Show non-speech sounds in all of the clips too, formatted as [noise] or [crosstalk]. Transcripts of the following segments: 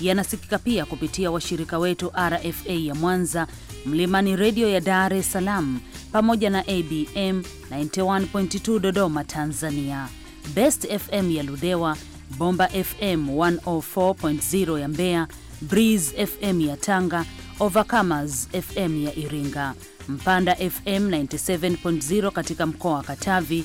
yanasikika pia kupitia washirika wetu RFA ya Mwanza, Mlimani Redio ya Dar es Salaam, pamoja na ABM 91.2 Dodoma Tanzania, Best FM ya Ludewa, Bomba FM 104.0 ya Mbeya, Breeze FM ya Tanga, Overcomers FM ya Iringa, Mpanda FM 97.0 katika mkoa wa Katavi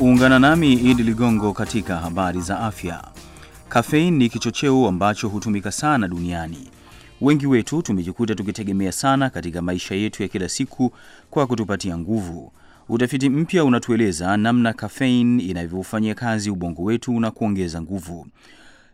Ungana nami Idi Ligongo katika habari za afya. Kafein ni kichocheo ambacho hutumika sana duniani. Wengi wetu tumejikuta tukitegemea sana katika maisha yetu ya kila siku kwa kutupatia nguvu. Utafiti mpya unatueleza namna kafein inavyofanyia kazi ubongo wetu na kuongeza nguvu.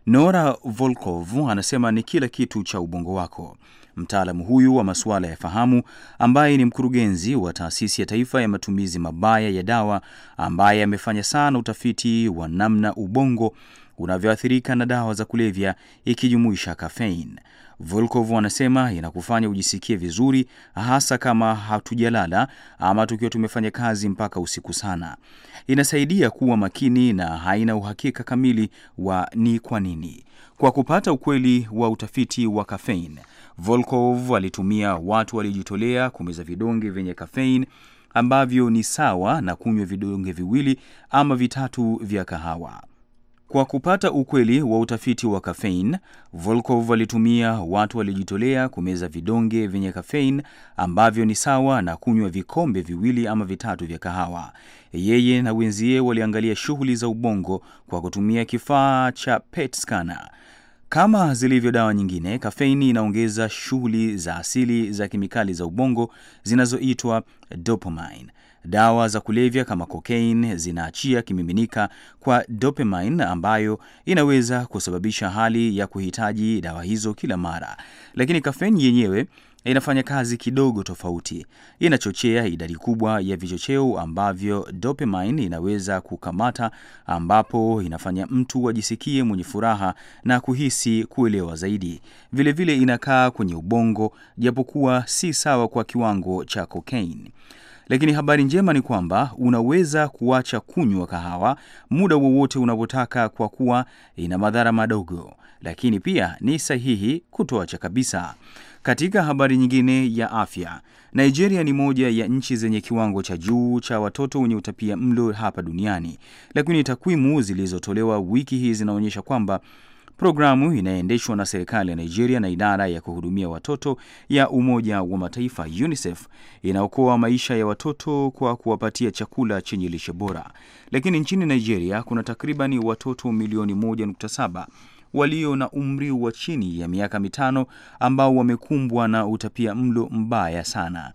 Nora Volkov anasema ni kila kitu cha ubongo wako. Mtaalamu huyu wa masuala ya fahamu ambaye ni mkurugenzi wa taasisi ya taifa ya matumizi mabaya ya dawa, ambaye amefanya sana utafiti wa namna ubongo unavyoathirika na dawa za kulevya ikijumuisha kafein. Volkov anasema inakufanya ujisikie vizuri, hasa kama hatujalala ama tukiwa tumefanya kazi mpaka usiku sana. Inasaidia kuwa makini na haina uhakika kamili wa ni kwa nini. Kwa kupata ukweli wa utafiti wa kafein, Volkov alitumia watu waliojitolea kumeza vidonge vyenye kafein ambavyo ni sawa na kunywa vidonge viwili ama vitatu vya kahawa. Kwa kupata ukweli wa utafiti wa kafein, Volkov alitumia watu waliojitolea kumeza vidonge vyenye kafein ambavyo ni sawa na kunywa vikombe viwili ama vitatu vya kahawa. Yeye na wenzie waliangalia shughuli za ubongo kwa kutumia kifaa cha PET scanner. Kama zilivyo dawa nyingine, kafeini inaongeza shughuli za asili za kemikali za ubongo zinazoitwa dopamine. Dawa za kulevya kama cocaine zinaachia kimiminika kwa dopamine ambayo inaweza kusababisha hali ya kuhitaji dawa hizo kila mara, lakini kafeni yenyewe inafanya kazi kidogo tofauti. Inachochea idadi kubwa ya vichocheo ambavyo dopamine inaweza kukamata, ambapo inafanya mtu ajisikie mwenye furaha na kuhisi kuelewa zaidi. Vilevile vile inakaa kwenye ubongo, japokuwa si sawa kwa kiwango cha cocaine. Lakini habari njema ni kwamba unaweza kuacha kunywa kahawa muda wowote unavyotaka kwa kuwa ina madhara madogo, lakini pia ni sahihi kutoacha kabisa. Katika habari nyingine ya afya, Nigeria ni moja ya nchi zenye kiwango cha juu cha watoto wenye utapia mlo hapa duniani, lakini takwimu zilizotolewa wiki hii zinaonyesha kwamba Programu inayoendeshwa na serikali ya Nigeria na idara ya kuhudumia watoto ya Umoja wa Mataifa UNICEF inaokoa maisha ya watoto kwa kuwapatia chakula chenye lishe bora. Lakini nchini Nigeria kuna takribani watoto milioni 1.7 walio na umri wa chini ya miaka mitano ambao wamekumbwa na utapia mlo mbaya sana.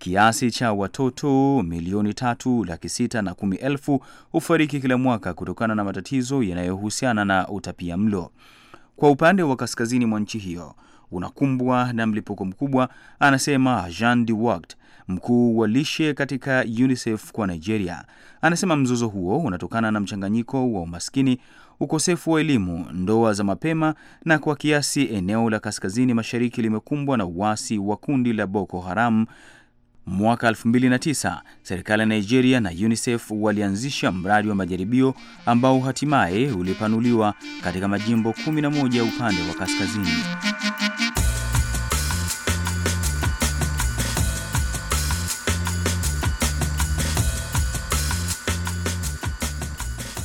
Kiasi cha watoto milioni tatu laki sita na kumi elfu hufariki kila mwaka kutokana na matatizo yanayohusiana na utapia mlo. Kwa upande wa kaskazini mwa nchi hiyo unakumbwa na mlipuko mkubwa, anasema Jean de Wagt, mkuu wa lishe katika UNICEF kwa Nigeria. Anasema mzozo huo unatokana na mchanganyiko wa umaskini, ukosefu wa elimu, ndoa za mapema, na kwa kiasi eneo la kaskazini mashariki limekumbwa na uasi wa kundi la Boko Haram Mwaka 2009 serikali ya Nigeria na UNICEF walianzisha mradi wa majaribio ambao hatimaye ulipanuliwa katika majimbo 11 upande wa kaskazini.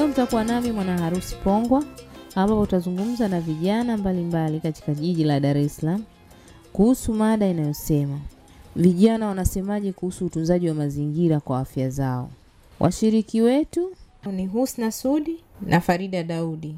Leo mtakuwa nami mwana harusi Pongwa, ambapo utazungumza na vijana mbalimbali katika jiji la Dar es Salaam kuhusu mada inayosema vijana wanasemaje kuhusu utunzaji wa mazingira kwa afya zao. Washiriki wetu ni Husna Sudi na Farida Daudi.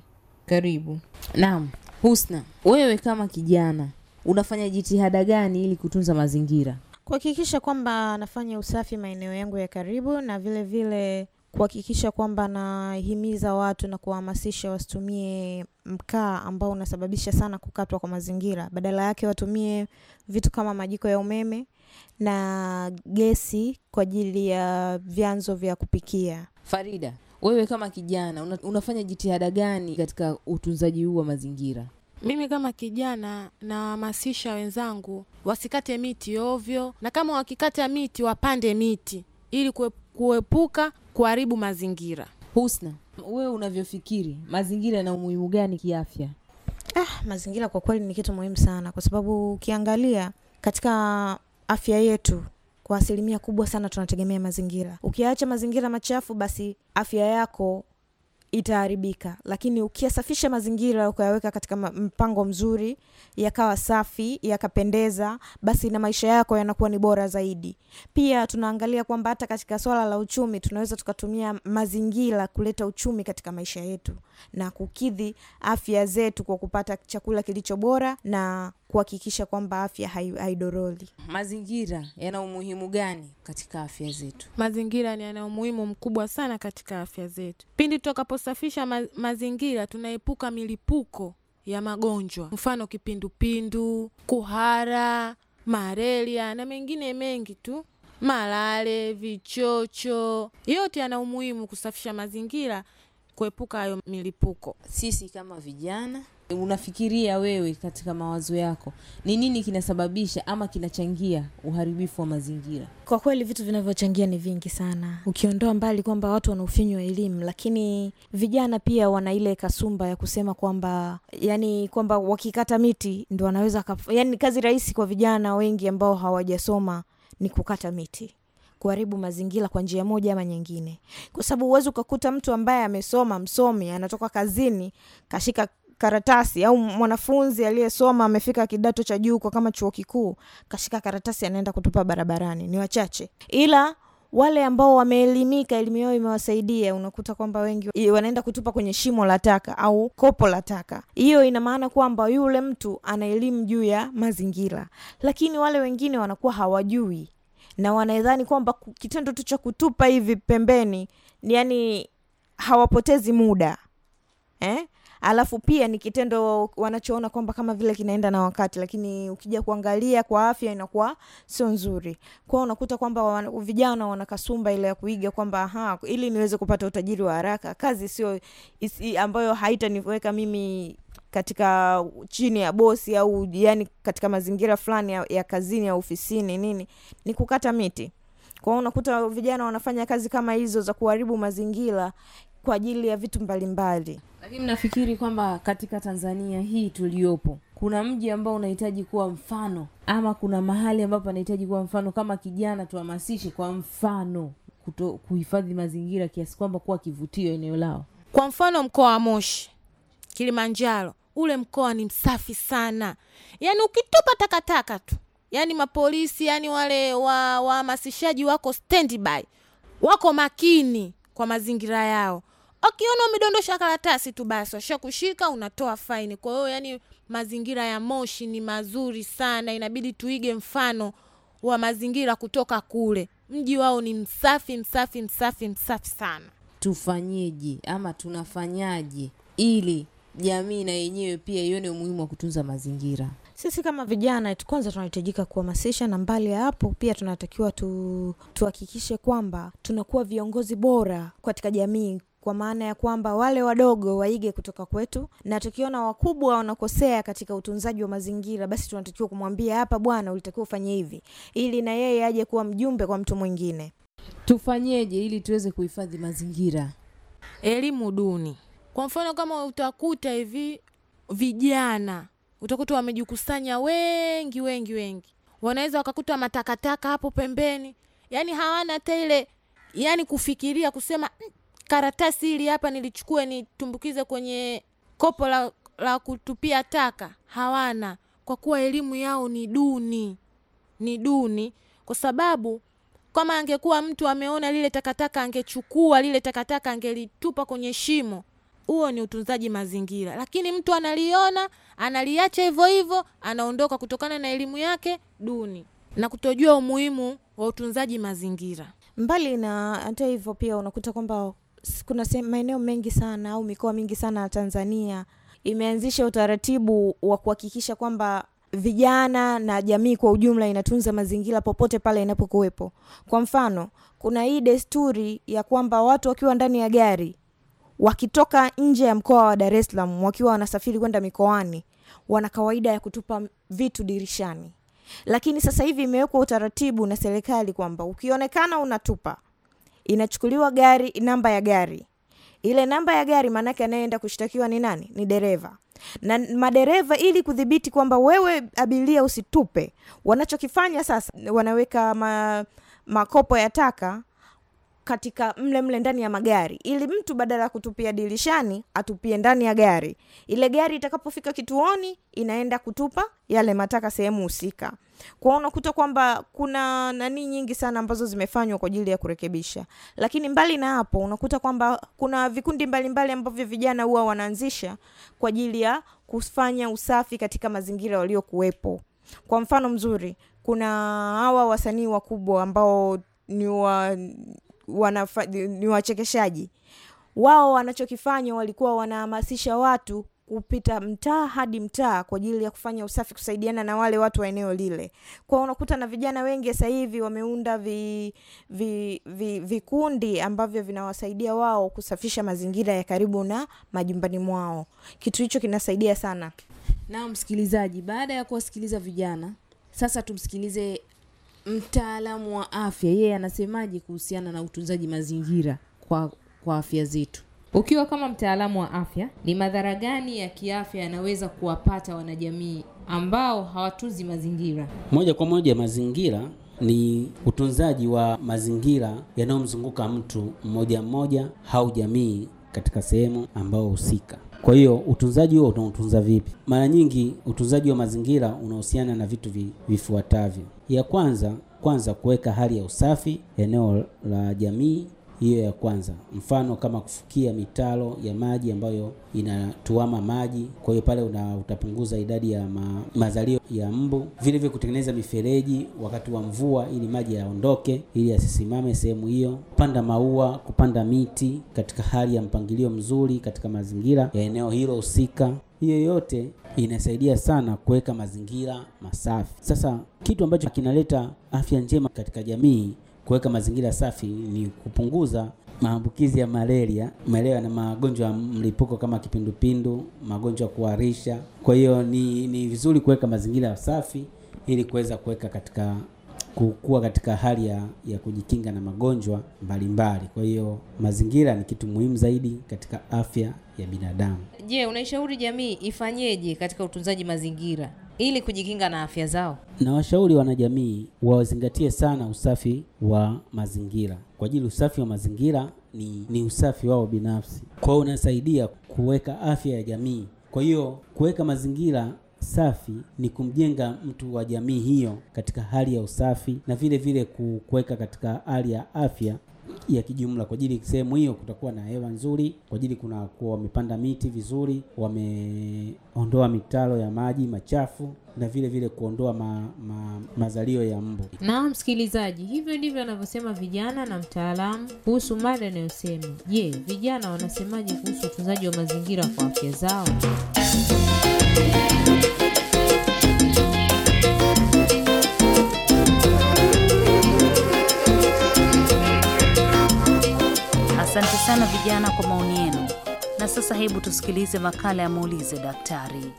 Karibu. Naam, Husna, wewe kama kijana unafanya jitihada gani ili kutunza mazingira? Kuhakikisha kwamba nafanya usafi maeneo yangu ya karibu na vile vile kuhakikisha kwamba nahimiza watu na kuwahamasisha wasitumie mkaa ambao unasababisha sana kukatwa kwa mazingira. Badala yake watumie vitu kama majiko ya umeme na gesi kwa ajili ya vyanzo vya kupikia. Farida, wewe kama kijana una, unafanya jitihada gani katika utunzaji huu wa mazingira? Mimi kama kijana nawahamasisha wenzangu wasikate miti ovyo, na kama wakikata miti wapande miti ili kuepuka kuharibu mazingira. Husna, wewe unavyofikiri mazingira yana umuhimu gani kiafya? Ah, mazingira kwa kweli ni kitu muhimu sana, kwa sababu ukiangalia katika afya yetu kwa asilimia kubwa sana tunategemea mazingira. Ukiacha mazingira machafu, basi afya yako itaharibika, lakini ukiyasafisha mazingira, ukayaweka katika mpango mzuri, yakawa safi, yakapendeza, basi na maisha yako yanakuwa ni bora zaidi. Pia tunaangalia kwamba hata katika swala la uchumi tunaweza tukatumia mazingira kuleta uchumi katika maisha yetu na kukidhi afya zetu kwa kupata chakula kilicho bora na kuhakikisha kwamba afya haidoroli. Mazingira yana umuhimu gani katika afya zetu? Mazingira ni yana umuhimu mkubwa sana katika afya zetu. Pindi tutakaposafisha ma mazingira, tunaepuka milipuko ya magonjwa, mfano kipindupindu, kuhara, marelia na mengine mengi tu, malale, vichocho. Yote yana umuhimu kusafisha mazingira, kuepuka hayo milipuko. Sisi kama vijana Unafikiria wewe katika mawazo yako ni nini kinasababisha ama kinachangia uharibifu wa mazingira? Kwa kweli vitu vinavyochangia ni vingi sana, ukiondoa mbali kwamba watu wanaofinywa elimu, lakini vijana pia wana ile kasumba ya kusema kwamba yani kwamba wakikata miti ndo wanaweza yani kazi rahisi kwa vijana wengi ambao hawajasoma ni kukata miti kuharibu mazingira kwa njia moja ama nyingine, kwa sababu huwezi ukakuta mtu ambaye amesoma msomi anatoka kazini kashika karatasi au mwanafunzi aliyesoma amefika kidato cha juu kwa kama chuo kikuu kashika karatasi anaenda kutupa barabarani, ni wachache, ila wale ambao wameelimika, elimu yao imewasaidia, unakuta kwamba wengi wanaenda kutupa kwenye shimo la taka au kopo la taka. Hiyo ina maana kwamba yule mtu ana elimu juu ya mazingira, lakini wale wengine wanakuwa hawajui na wanaedhani kwamba kitendo tu cha kutupa hivi pembeni, yani hawapotezi muda eh? alafu pia ni kitendo wanachoona kwamba kama vile kinaenda na wakati, lakini ukija kuangalia kwa afya inakuwa sio nzuri kwao. Unakuta kwamba vijana wana kasumba ile ya kuiga kwamba ili niweze kupata utajiri wa haraka, kazi sio ambayo haitaniweka mimi katika chini ya bosi au ya yani katika mazingira fulani ya, ya kazini ya ofisini nini, ni kukata miti kwao. Unakuta vijana wanafanya kazi kama hizo za kuharibu mazingira kwa ajili ya vitu mbalimbali. Lakini nafikiri kwamba katika Tanzania hii tuliyopo, kuna mji ambao unahitaji kuwa mfano ama kuna mahali ambapo anahitaji kuwa mfano. Kama kijana, tuhamasishe kwa mfano kuhifadhi mazingira kiasi kwamba kuwa kivutio eneo lao. Kwa mfano mkoa wa Moshi, Kilimanjaro, ule mkoa ni msafi sana, yaani ukitupa takataka tu, yaani mapolisi, yaani wale wahamasishaji wa wako standby, wako makini kwa mazingira yao. Akiona umedondosha karatasi tu basi washakushika unatoa faini. Kwa hiyo yani, mazingira ya Moshi ni mazuri sana, inabidi tuige mfano wa mazingira kutoka kule. Mji wao ni msafi msafi msafi msafi sana. Tufanyeje ama tunafanyaje ili jamii na yenyewe pia ione umuhimu wa kutunza mazingira? Sisi kama vijana kwanza tunahitajika kuhamasisha, na mbali ya hapo pia tunatakiwa tuhakikishe kwamba tunakuwa viongozi bora katika jamii kwa maana ya kwamba wale wadogo waige kutoka kwetu, na tukiona wakubwa wanakosea katika utunzaji wa mazingira, basi tunatakiwa kumwambia hapa, bwana, ulitakiwa ufanye hivi, ili na yeye aje kuwa mjumbe kwa mtu mwingine. Tufanyeje ili tuweze kuhifadhi mazingira? Elimu duni. Kwa mfano, kama utakuta hivi vijana utakuta wamejikusanya wengi wengi wengi, wanaweza wakakuta matakataka hapo pembeni, yani hawana hata ile yani kufikiria kusema mm, karatasi hili hapa nilichukue nitumbukize kwenye kopo la, la kutupia taka, hawana kwa kuwa elimu yao ni duni, ni duni kwa sababu kama angekuwa mtu ameona lile takataka angechukua lile takataka angelitupa kwenye shimo. Huo ni utunzaji mazingira, lakini mtu analiona analiacha hivyo hivyo, anaondoka kutokana na elimu yake duni na kutojua umuhimu wa utunzaji mazingira. Mbali na hata hivyo, pia unakuta kwamba kuna maeneo mengi sana au mikoa mingi sana ya Tanzania imeanzisha utaratibu wa kuhakikisha kwamba vijana na jamii kwa ujumla inatunza mazingira popote pale inapokuwepo. Kwa mfano, kuna hii desturi ya kwamba watu wakiwa ndani ya gari wakitoka nje ya mkoa wa Dar es Salaam wakiwa wanasafiri kwenda mikoani, wana kawaida ya kutupa vitu dirishani. Lakini sasa hivi imewekwa utaratibu na serikali kwamba ukionekana unatupa inachukuliwa gari, namba ya gari ile namba ya gari, maanake anayeenda kushtakiwa ni nani? Ni dereva. Na madereva ili kudhibiti kwamba wewe abiria usitupe, wanachokifanya sasa, wanaweka ma, makopo ya taka katika mle mle ndani ya magari, ili mtu badala ya kutupia dirishani atupie ndani ya gari. Ile gari itakapofika kituoni, inaenda kutupa yale mataka sehemu husika. Kwa unakuta kwamba kuna nani nyingi sana ambazo zimefanywa kwa ajili ya kurekebisha, lakini mbali na hapo, unakuta kwamba kuna vikundi mbalimbali ambavyo vijana huwa wanaanzisha kwa ajili ya kufanya usafi katika mazingira waliokuwepo. Kwa mfano mzuri, kuna hawa wasanii wakubwa ambao ni wa wanafa, ni wachekeshaji wao. Wanachokifanya walikuwa wanahamasisha watu kupita mtaa hadi mtaa kwa ajili ya kufanya usafi, kusaidiana na wale watu wa eneo lile. Kwa unakuta na vijana wengi sasa hivi wameunda vi, vi, vi, vikundi ambavyo vinawasaidia wao kusafisha mazingira ya karibu na majumbani mwao. Kitu hicho kinasaidia sana. Na msikilizaji, baada ya kuwasikiliza vijana, sasa tumsikilize mtaalamu wa afya yeye anasemaje kuhusiana na utunzaji mazingira kwa kwa afya zetu? Ukiwa kama mtaalamu wa afya, ni madhara gani ya kiafya yanaweza kuwapata wanajamii ambao hawatunzi mazingira? Moja kwa moja, mazingira ni utunzaji wa mazingira yanayomzunguka mtu mmoja mmoja au jamii katika sehemu ambao husika. Kwa hiyo utunzaji huo unautunza vipi? Mara nyingi utunzaji wa mazingira unahusiana na vitu vifuatavyo ya kwanza, kwanza kuweka hali ya usafi eneo la jamii hiyo ya kwanza. Mfano kama kufukia mitaro ya maji ambayo inatuama maji, kwa hiyo pale una, utapunguza idadi ya ma, mazalio ya mbu. Vile vile kutengeneza mifereji wakati wa mvua ili maji yaondoke, ili yasisimame sehemu hiyo. Kupanda maua, kupanda miti katika hali ya mpangilio mzuri katika mazingira ya eneo hilo husika. Hiyo yote inasaidia sana kuweka mazingira masafi. Sasa kitu ambacho kinaleta afya njema katika jamii Kuweka mazingira safi ni kupunguza maambukizi ya malaria, malaria na magonjwa ya mlipuko kama kipindupindu, magonjwa ya kuharisha. Kwa hiyo ni, ni vizuri kuweka mazingira safi ili kuweza kuweka katika kukua katika hali ya, ya kujikinga na magonjwa mbalimbali. Kwa hiyo mazingira ni kitu muhimu zaidi katika afya ya binadamu. Je, unaishauri jamii ifanyeje katika utunzaji mazingira? ili kujikinga na afya zao. Na washauri wanajamii wazingatie sana usafi wa mazingira, kwa ajili usafi wa mazingira ni, ni usafi wao binafsi, kwao unasaidia kuweka afya ya jamii. Kwa hiyo kuweka mazingira safi ni kumjenga mtu wa jamii hiyo katika hali ya usafi na vile vile kuweka katika hali ya afya ya kijumla kwa ajili sehemu hiyo kutakuwa na hewa nzuri, kwa ajili kuna kuwa wamepanda miti vizuri, wameondoa mitaro ya maji machafu na vile vile kuondoa ma, ma, mazalio ya mbu. Na msikilizaji, hivyo ndivyo anavyosema vijana na mtaalamu kuhusu mada inayosema je, vijana wanasemaje kuhusu utunzaji wa mazingira kwa afya zao? Asante sana vijana kwa maoni yenu. Na sasa hebu tusikilize makala ya muulize daktari.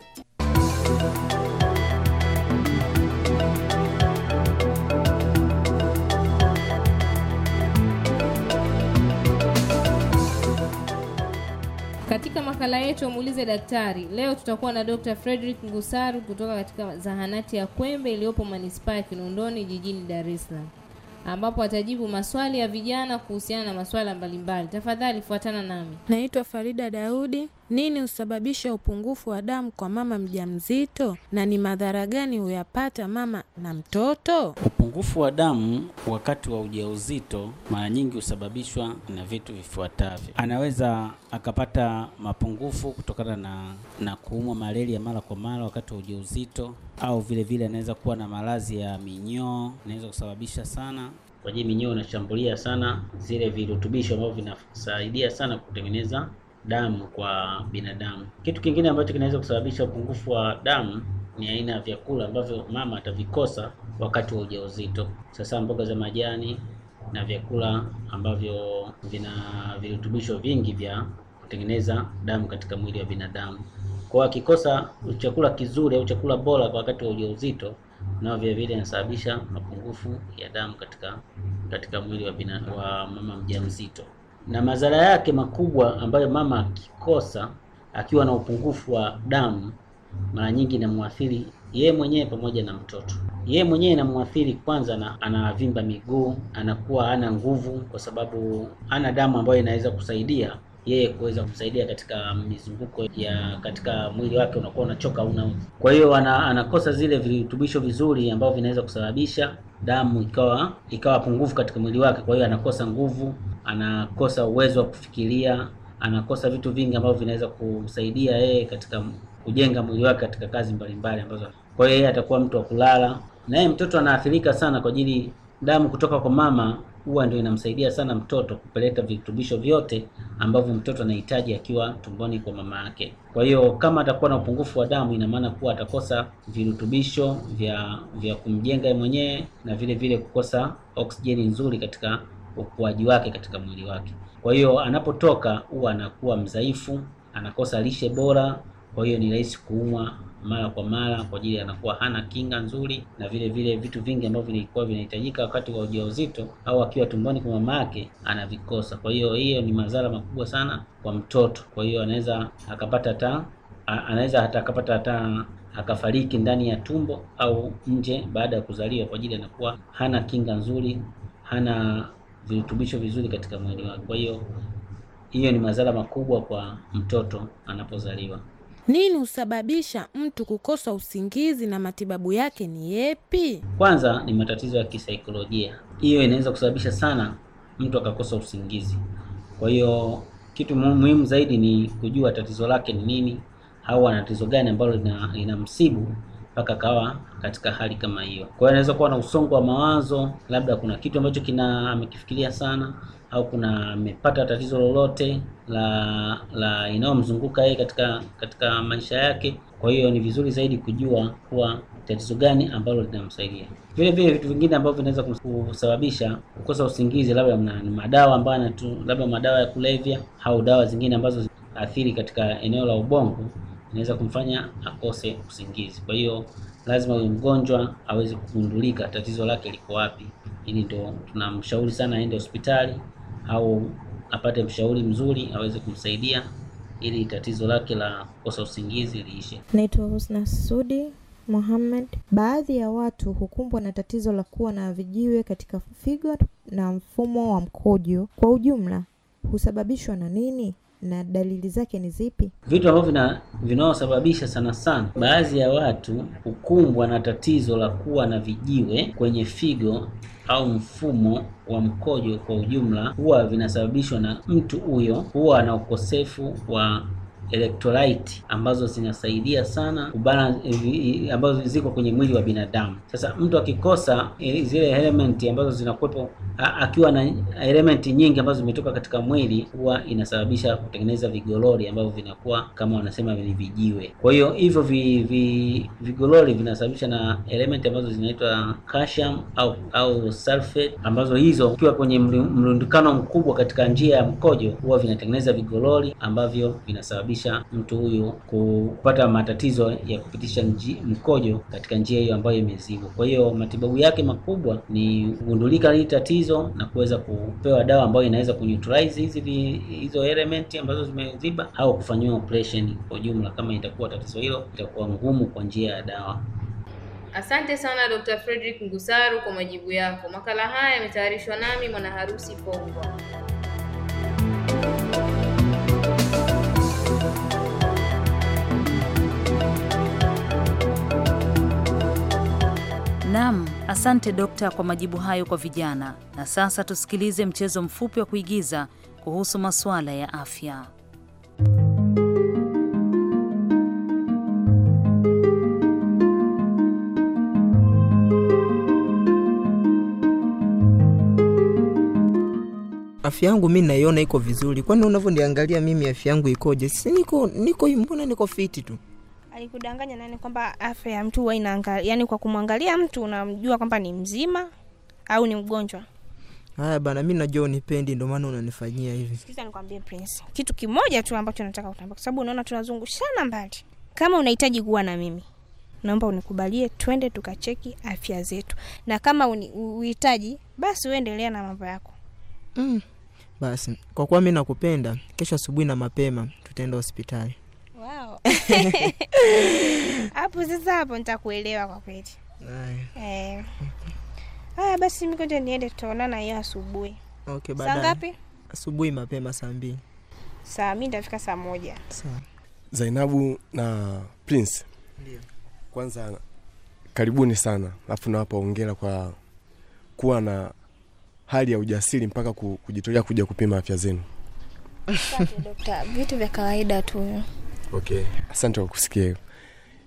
Katika makala yetu muulize daktari leo tutakuwa na Dr. Frederick Ngusaru kutoka katika zahanati ya Kwembe iliyopo manispaa ya Kinondoni jijini Dar es Salaam ambapo atajibu maswali ya vijana kuhusiana na masuala mbalimbali. Tafadhali fuatana nami. Naitwa Farida Daudi. Nini husababisha upungufu wa damu kwa mama mjamzito na ni madhara gani huyapata mama na mtoto? Upungufu wa damu wakati wa ujauzito mara nyingi husababishwa na vitu vifuatavyo. Anaweza akapata mapungufu kutokana na, na kuumwa malaria mara kwa mara wakati wa ujauzito, au vile vile anaweza kuwa na maradhi ya minyoo, inaweza kusababisha sana kwa hiyo minyoo inashambulia sana zile virutubisho ambavyo vinasaidia sana kutengeneza damu kwa binadamu. Kitu kingine ambacho kinaweza kusababisha upungufu wa damu ni aina ya vyakula ambavyo mama atavikosa wakati wa ujauzito. Sasa mboga za majani na vyakula ambavyo vina virutubisho vingi vya kutengeneza damu katika mwili wa binadamu. Kwa akikosa chakula kizuri au chakula bora kwa wakati wa ujauzito, nao vile vile inasababisha mapungufu ya damu katika katika mwili wa, bina, wa mama mjamzito na madhara yake makubwa ambayo mama akikosa akiwa na upungufu wa damu mara nyingi inamwathiri yeye mwenyewe pamoja na mtoto. Yeye mwenyewe inamwathiri kwanza, na anavimba miguu, anakuwa hana nguvu, kwa sababu hana damu ambayo inaweza kusaidia yeye kuweza kumsaidia katika mizunguko ya katika mwili wake, unakuwa unachoka una. Kwa hiyo ana, anakosa zile virutubisho vizuri ambavyo vinaweza kusababisha damu ikawa ikawa pungufu katika mwili wake, kwa hiyo anakosa nguvu anakosa uwezo wa kufikiria, anakosa vitu vingi ambavyo vinaweza kumsaidia yeye katika kujenga mwili wake katika kazi mbalimbali ambazo, kwa hiyo yeye atakuwa mtu wa kulala. Na yeye mtoto anaathirika sana kwa ajili damu kutoka kwa mama huwa ndio inamsaidia sana mtoto kupeleka virutubisho vyote ambavyo mtoto anahitaji akiwa tumboni kwa mama yake. Kwa hiyo kama atakuwa na upungufu wa damu, ina maana kuwa atakosa virutubisho vya vya kumjenga mwenyewe na vile vile kukosa oksijeni nzuri katika ukuaji wake katika mwili wake. Kwa hiyo anapotoka huwa anakuwa mdhaifu, anakosa lishe bora, kwa hiyo ni rahisi kuumwa mara kwa mara kwa ajili anakuwa hana kinga nzuri, na vile vile vitu vingi ambavyo vilikuwa vinahitajika wakati wa ujauzito au akiwa tumboni kwa mama yake anavikosa. Kwa hiyo hiyo ni madhara makubwa sana kwa mtoto. Kwa hiyo anaweza akapata hata anaweza hata akapata hata akafariki ndani ya tumbo au nje baada ya kuzaliwa, kwa ajili anakuwa hana kinga nzuri, hana virutubisho vizuri katika mwili wake. Kwa hiyo hiyo ni madhara makubwa kwa mtoto anapozaliwa. Nini husababisha mtu kukosa usingizi na matibabu yake ni yepi? Kwanza ni matatizo ya kisaikolojia, hiyo inaweza kusababisha sana mtu akakosa usingizi. Kwa hiyo kitu muhimu zaidi ni kujua tatizo lake ni nini au ana tatizo gani ambalo linamsibu mpaka akawa katika hali kama hiyo. Kwa hiyo anaweza kuwa na usongo wa mawazo, labda kuna kitu ambacho kina amekifikiria sana, au kuna amepata tatizo lolote la la inayomzunguka yeye katika katika maisha yake. Kwa hiyo ni vizuri zaidi kujua kuwa tatizo gani ambalo linamsaidia. Vile vile vitu vingine ambavyo vinaweza kusababisha kukosa usingizi, labda na madawa ambayo labda madawa ya kulevya au dawa zingine ambazo athiri katika eneo la ubongo inaweza kumfanya akose usingizi. Kwa hiyo lazima huyu mgonjwa aweze kugundulika tatizo lake liko wapi, ili ndo tunamshauri sana aende hospitali au apate mshauri mzuri aweze kumsaidia ili tatizo lake la kukosa usingizi liishe. Naitwa Husna Sudi Mohamed. Baadhi ya watu hukumbwa na tatizo la kuwa na vijiwe katika figo na mfumo wa mkojo kwa ujumla husababishwa na nini? na dalili zake ni zipi? Vitu ambavyo vinaosababisha sana sana baadhi ya watu hukumbwa na tatizo la kuwa na vijiwe kwenye figo au mfumo wa mkojo kwa ujumla, huwa vinasababishwa na mtu huyo huwa na ukosefu wa electrolyte ambazo zinasaidia sana kubalance, eh, ambazo ziko kwenye mwili wa binadamu. Sasa mtu akikosa eh, zile element ambazo zinakuwepo, akiwa na element nyingi ambazo zimetoka katika mwili, huwa inasababisha kutengeneza vigololi ambavyo vinakuwa kama wanasema ni vijiwe. Kwa hiyo hivyo vi, vi, vigololi vinasababisha na element ambazo zinaitwa calcium au au sulfate, ambazo hizo ukiwa kwenye mrundikano mkubwa katika njia ya mkojo, huwa vinatengeneza vigololi ambavyo vinasababisha kusababisha mtu huyu kupata matatizo ya kupitisha nji, mkojo katika njia hiyo ambayo imezibwa. Kwa hiyo matibabu yake makubwa ni kugundulika hili tatizo na kuweza kupewa dawa ambayo inaweza kuneutralize hizi hizo element ambazo zimeziba au kufanyiwa operation kwa ujumla. Kama itakuwa tatizo hilo itakuwa ngumu kwa njia ya dawa. Asante sana Dr. Frederick Ngusaru kwa majibu yako. Makala haya yametayarishwa nami mwanaharusi Pongwa. Nam, asante dokta kwa majibu hayo kwa vijana. Na sasa tusikilize mchezo mfupi wa kuigiza kuhusu masuala ya afya. Afya yangu mi naiona iko vizuri, kwani unavyoniangalia mimi afya yangu ikoje? Si niko niko, mbona niko fiti tu Alikudanganya nani kwamba afya ya mtu huwa inaangalia, yani kwa kumwangalia mtu unamjua kwamba ni mzima au ni mgonjwa? Haya bana, mi najua unipendi, ndio maana unanifanyia hivi. Sikiza nikwambie Prince, kitu kimoja tu ambacho nataka kutamba, kwa sababu unaona tunazungushana mbali. Kama unahitaji kuwa na mimi, naomba unikubalie, twende tukacheki afya zetu, na kama uhitaji, basi uendelea na mambo yako mm. Basi kwa kuwa mi nakupenda, kesho asubuhi na mapema tutaenda hospitali. [laughs] [laughs] hapo sasa, hapo nitakuelewa kwa kweli. Eh. Haya basi, mimi kwanza niende, tutaonana hiyo asubuhi. Okay, baadaye. Saa ngapi? Asubuhi mapema saa mbili. Saa mimi nitafika saa moja. Sawa. Zainabu na Prince. Ndiyo. Kwanza karibuni sana, alafu nawapa hongera kwa kuwa na hali ya ujasiri mpaka kujitolea kuja kupima afya zenu. Daktari, vitu vya kawaida tu. Okay, asante kwa kusikia.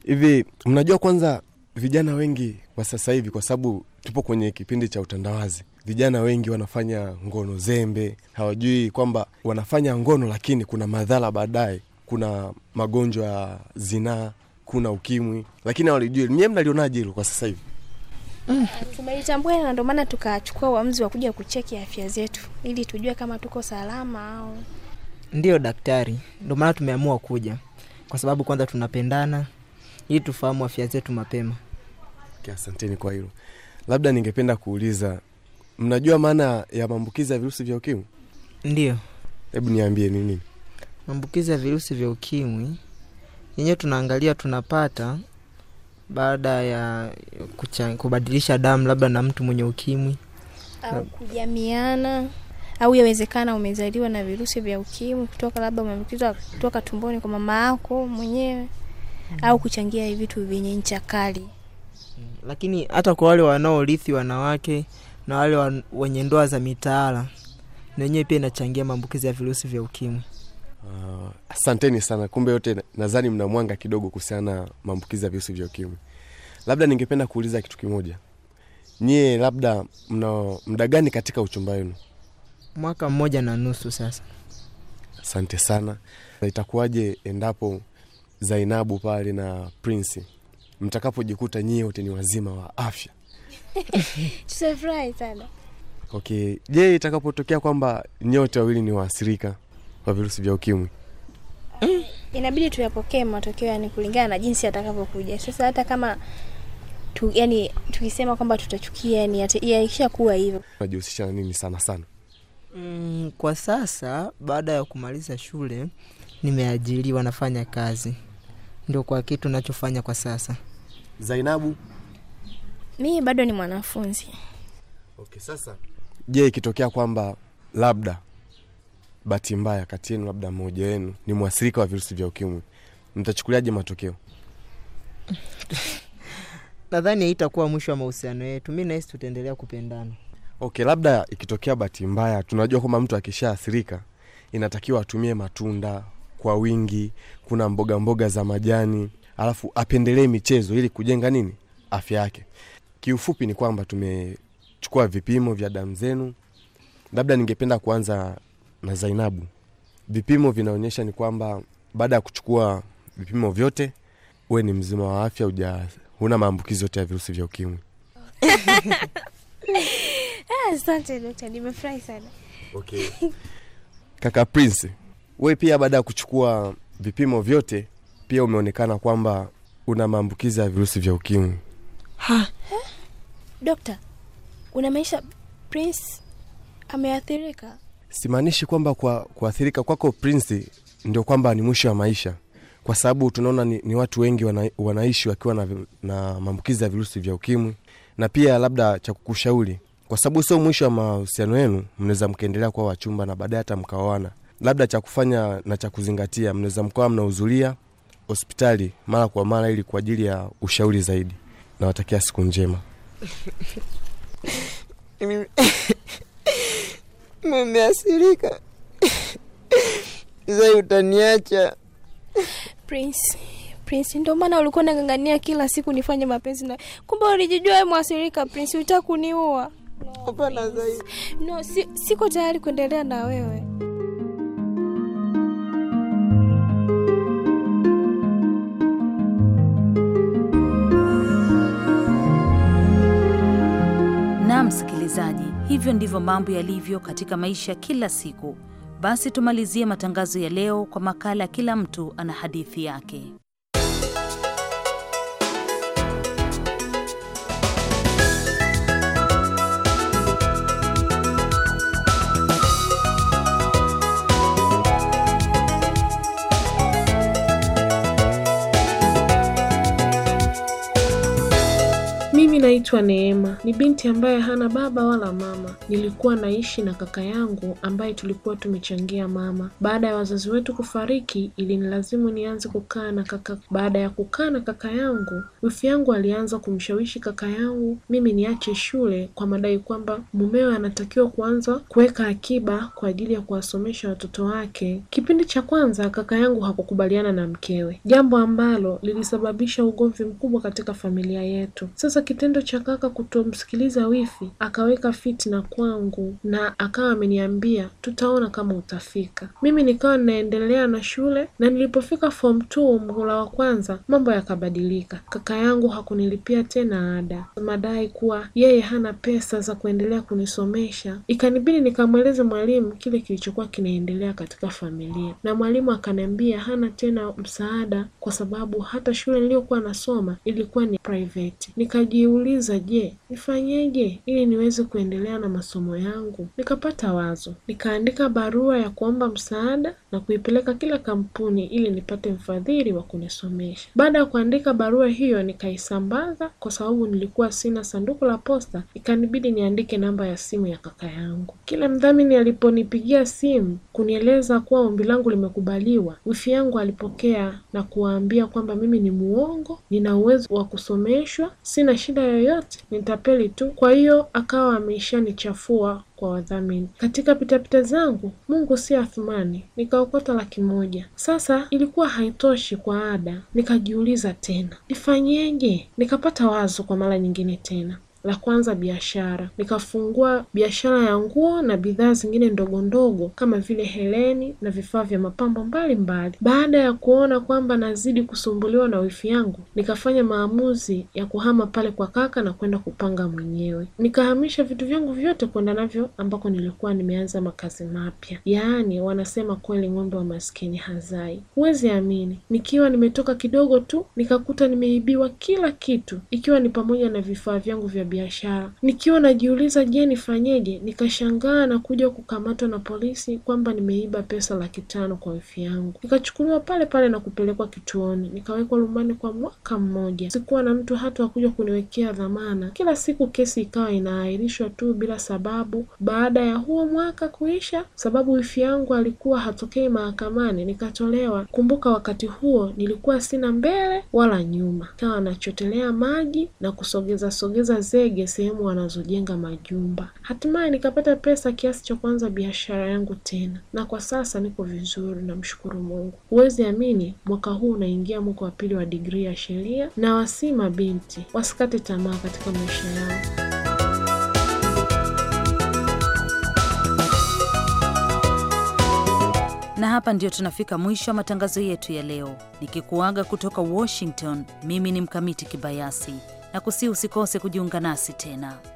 Hivi mnajua kwanza, vijana wengi wa sasa hivi, kwa sababu tupo kwenye kipindi cha utandawazi, vijana wengi wanafanya ngono zembe, hawajui kwamba wanafanya ngono, lakini kuna madhara baadaye. Kuna magonjwa ya zinaa, kuna ukimwi, lakini hawalijui. Nyie mnalionaje hilo kwa sasa hivi? Mm. tumeitambua na ndio maana tukachukua uamuzi wa kuja kucheki afya zetu ili tujue kama tuko salama au. Ndiyo daktari, ndio maana tumeamua kuja kwa sababu kwanza tunapendana ili tufahamu afya zetu mapema asanteni kwa hilo labda ningependa kuuliza mnajua maana ya maambukizi ya virusi vya ukimwi ndio hebu niambie ni nini maambukizi ya virusi vya ukimwi yenyewe tunaangalia tunapata baada ya kucha, kubadilisha damu labda na mtu mwenye ukimwi au kujamiana au yawezekana umezaliwa na virusi vya ukimwi kutoka labda umeambukizwa kutoka tumboni kwa mama yako mwenyewe mm. au kuchangia vitu vyenye ncha kali lakini hata kwa wale wanaorithi wanawake na wale wenye ndoa za mitaala na wenyewe pia inachangia maambukizi ya virusi vya ukimwi. Uh, asanteni sana. Kumbe yote nadhani mna mwanga kidogo kuhusiana na maambukizi ya virusi vya ukimwi. Labda ningependa kuuliza kitu kimoja, nyie labda mna mda gani katika uchumba wenu? mwaka mmoja na nusu sasa. Asante sana. Itakuwaje endapo Zainabu pale na Prince mtakapojikuta nyie wote ni wazima wa afya? [laughs] Tutafurahi sana. Okay, je, itakapotokea kwamba nyote wawili ni waathirika wa virusi vya ukimwi? Mm. Inabidi tuyapokee matokeo, yani kulingana na jinsi atakavyokuja. Sasa hata kama tu, yani tukisema kwamba tutachukia, yani yaikisha kuwa hivyo, najihusisha na nini sana sana Mm, kwa sasa baada ya kumaliza shule nimeajiriwa, nafanya kazi, ndio kwa kitu nachofanya kwa sasa. Zainabu, mimi bado ni mwanafunzi. Okay, sasa je, ikitokea kwamba labda bahati mbaya kati yenu labda mmoja wenu ni mwasirika wa virusi vya ukimwi, mtachukuliaje matokeo? [laughs] Nadhani itakuwa mwisho wa mahusiano yetu. Mi nahisi tutaendelea kupendana. Okay, labda ikitokea bahati mbaya, tunajua kwamba mtu akishaathirika inatakiwa atumie matunda kwa wingi, kuna mboga mboga za majani, alafu apendelee michezo ili kujenga nini afya yake. Kiufupi ni kwamba tumechukua vipimo vya damu zenu. Labda ningependa kuanza na Zainabu. Vipimo vinaonyesha ni kwamba baada ya kuchukua vipimo vyote, we ni mzima wa afya, huna maambukizi yote ya virusi vya ukimwi [laughs] Ah, asante dokta, nimefurahi sana. Okay. [laughs] Kaka Prince, we pia baada ya kuchukua vipimo vyote pia umeonekana kwamba una maambukizi ya virusi vya ukimwi. Ha. Dokta, unamaanisha Prince ameathirika? Simaanishi kwamba kwa kuathirika kwako Prince ndio kwamba ni mwisho wa maisha, kwa sababu tunaona ni, ni watu wengi wana, wanaishi wakiwa na, na maambukizi ya virusi vya ukimwi, na pia labda cha kukushauri kwa sababu sio mwisho wa mahusiano yenu, mnaweza mkaendelea kuwa wachumba na baadaye hata mkaoana. Labda cha kufanya na cha kuzingatia, mnaweza mkawa mnahuzulia hospitali mara kwa mara ili kwa ajili ya ushauri zaidi. Nawatakia siku njema. [laughs] Mmeasirika zai, utaniacha Prince? Prince, ndio maana ulikuwa unang'ang'ania kila siku nifanye mapenzi na kumbe ulijijua mwasirika Prince, utakuniua Hapana zaidi. No, si, siko tayari kuendelea na wewe. msikilizaji, hivyo ndivyo mambo yalivyo katika maisha kila siku. Basi tumalizie matangazo ya leo kwa makala Kila mtu ana hadithi yake. naitwa Neema, ni binti ambaye hana baba wala mama. Nilikuwa naishi na kaka yangu ambaye tulikuwa tumechangia mama. Baada ya wazazi wetu kufariki, ilinilazimu nianze kukaa na kaka. Baada ya kukaa na kaka yangu, wifi yangu alianza kumshawishi kaka yangu mimi niache shule kwa madai kwamba mumewe anatakiwa kuanza kuweka akiba kwa ajili ya kuwasomesha watoto wake. Kipindi cha kwanza kaka yangu hakukubaliana na mkewe, jambo ambalo lilisababisha ugomvi mkubwa katika familia yetu. Sasa kitendo Kitendo cha kaka kutomsikiliza wifi akaweka fitina kwangu na akawa ameniambia tutaona kama utafika. Mimi nikawa ninaendelea na shule na nilipofika form 2 mhula wa kwanza mambo yakabadilika. Kaka yangu hakunilipia tena ada, madai kuwa yeye hana pesa za kuendelea kunisomesha. Ikanibidi nikamweleze mwalimu kile kilichokuwa kinaendelea katika familia, na mwalimu akaniambia hana tena msaada kwa sababu hata shule niliyokuwa nasoma ilikuwa ni private. Nikaji Nilijiuliza, je, nifanyeje ili niweze kuendelea na masomo yangu? Nikapata wazo, nikaandika barua ya kuomba msaada na kuipeleka kila kampuni ili nipate mfadhili wa kunisomesha. Baada ya kuandika barua hiyo, nikaisambaza kwa sababu nilikuwa sina sanduku la posta, ikanibidi niandike namba ya simu ya kaka yangu. Kila mdhamini aliponipigia simu kunieleza kuwa ombi langu limekubaliwa, wifi yangu alipokea na kuwaambia kwamba mimi ni muongo, nina uwezo wa kusomeshwa, sina shida yoyote nitapeli tu. Kwa hiyo akawa ameishanichafua kwa wadhamini. Katika pitapita zangu, Mungu si Athumani, nikaokota laki moja. Sasa ilikuwa haitoshi kwa ada, nikajiuliza tena nifanyeje? Nikapata wazo kwa mara nyingine tena, la kwanza biashara, nikafungua biashara ya nguo na bidhaa zingine ndogo ndogo kama vile heleni na vifaa vya mapambo mbalimbali. Baada ya kuona kwamba nazidi kusumbuliwa na wifi yangu, nikafanya maamuzi ya kuhama pale kwa kaka na kwenda kupanga mwenyewe. Nikahamisha vitu vyangu vyote kwenda navyo ambako nilikuwa nimeanza makazi mapya. Yaani wanasema kweli ng'ombe wa maskini hazai. Huwezi amini, nikiwa nimetoka kidogo tu nikakuta nimeibiwa kila kitu, ikiwa ni pamoja na vifaa vyangu vya biashara. Nikiwa najiuliza je nifanyeje, nikashangaa na kuja kukamatwa na polisi kwamba nimeiba pesa laki tano kwa wifi yangu. Nikachukuliwa pale pale na kupelekwa kituoni, nikawekwa rumani kwa mwaka mmoja. Sikuwa na mtu hata kuja kuniwekea dhamana. Kila siku kesi ikawa inaahirishwa tu bila sababu. Baada ya huo mwaka kuisha, sababu wifi yangu alikuwa hatokei mahakamani, nikatolewa. Kumbuka wakati huo nilikuwa sina mbele wala nyuma, ikawa nachotelea maji na kusogeza sogeza zege sehemu wanazojenga majumba. Hatimaye nikapata pesa kiasi cha kuanza biashara yangu tena, na kwa sasa niko vizuri, namshukuru Mungu. Huwezi amini, mwaka huu unaingia mwaka wa pili wa digrii ya sheria, na wasima mabinti wasikate tamaa katika maisha yao. Na hapa ndio tunafika mwisho wa matangazo yetu ya leo, nikikuaga kutoka Washington. Mimi ni Mkamiti Kibayasi na kusi usikose kujiunga nasi tena.